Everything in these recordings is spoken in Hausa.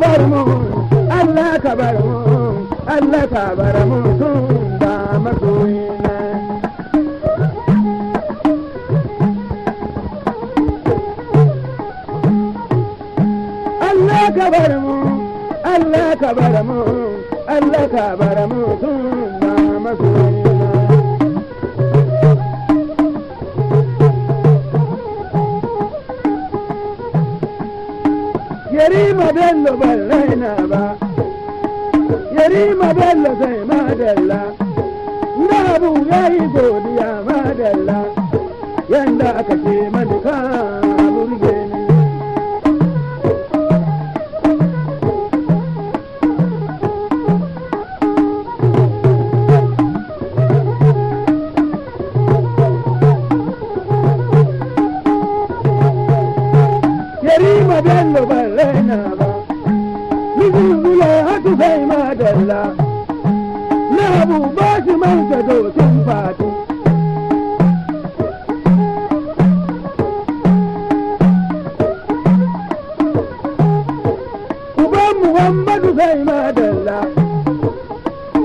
ka bar mu Allah ka bar mu Allah ka bar mu tun ba masoyina Allah ka bar mu Allah ka bar mu Allah ka bar mu ba bello ban raina ba yarima bello sai madalla da abu ya yi godiya madalla yanda aka ce maduka burge ni yarima bello ban raina ba cikin zule hatu sai madalla na abu ba shi man ka dokin fati uban muhammadu sai madalla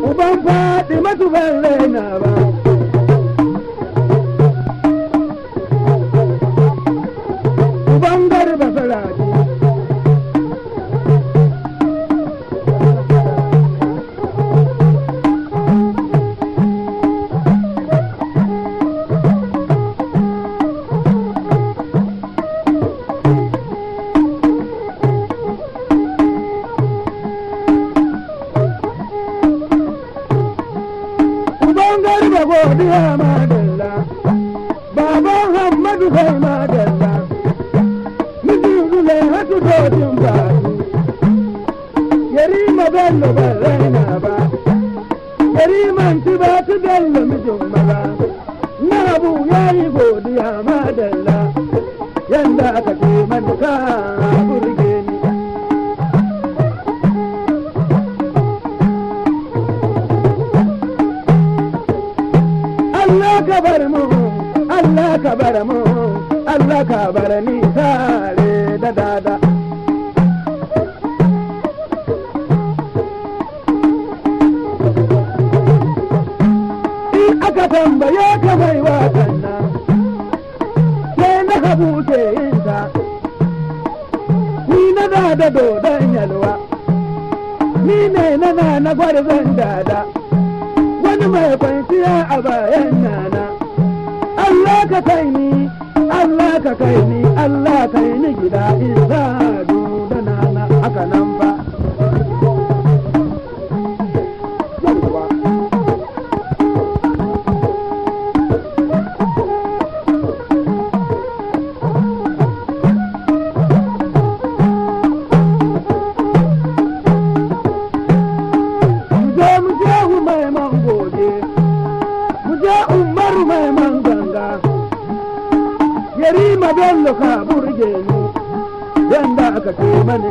uban faɗi matu ban raina ba biya madalla baba Muhammadu kai madalla miji zule hatu dojin ba yari ma bello ban ba yari man ci ba ci bello mijin maza na abu yayi godiya madalla yanda aka ce man ka burge ka bar mu Allah ka bar mu Allah ka bar ni tare da dada in aka tambaye ka mai watan nan sai na habu ke yin ta ni na dada dodon yalwa ni ne na na gwarzon dada wani mai kwanciya a bayan nana Allah ka kai ni Allah ka kai ni Allah Karima Bello ka burge ni, yanda aka ce mani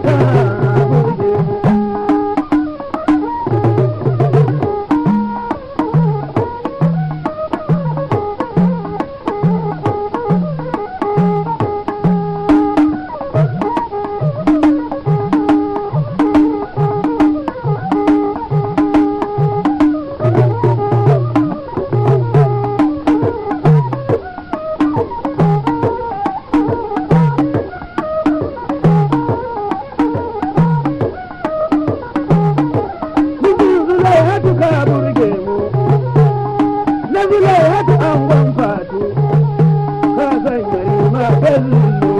sever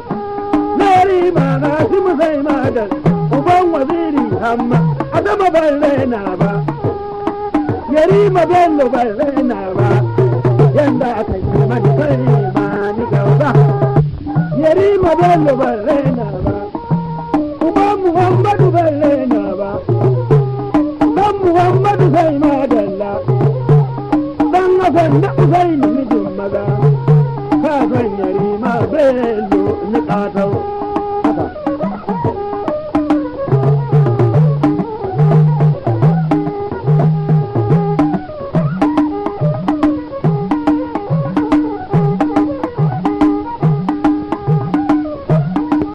baba ban raina ba yarima bello ban raina ba yanda aka yi mani kai ma ni gauba yarima bello ban raina ba kuma muhammadu ban raina ba dan muhammadu sai ma dalla dan hasan na usaini mijin maza ka san yarima bello ni katau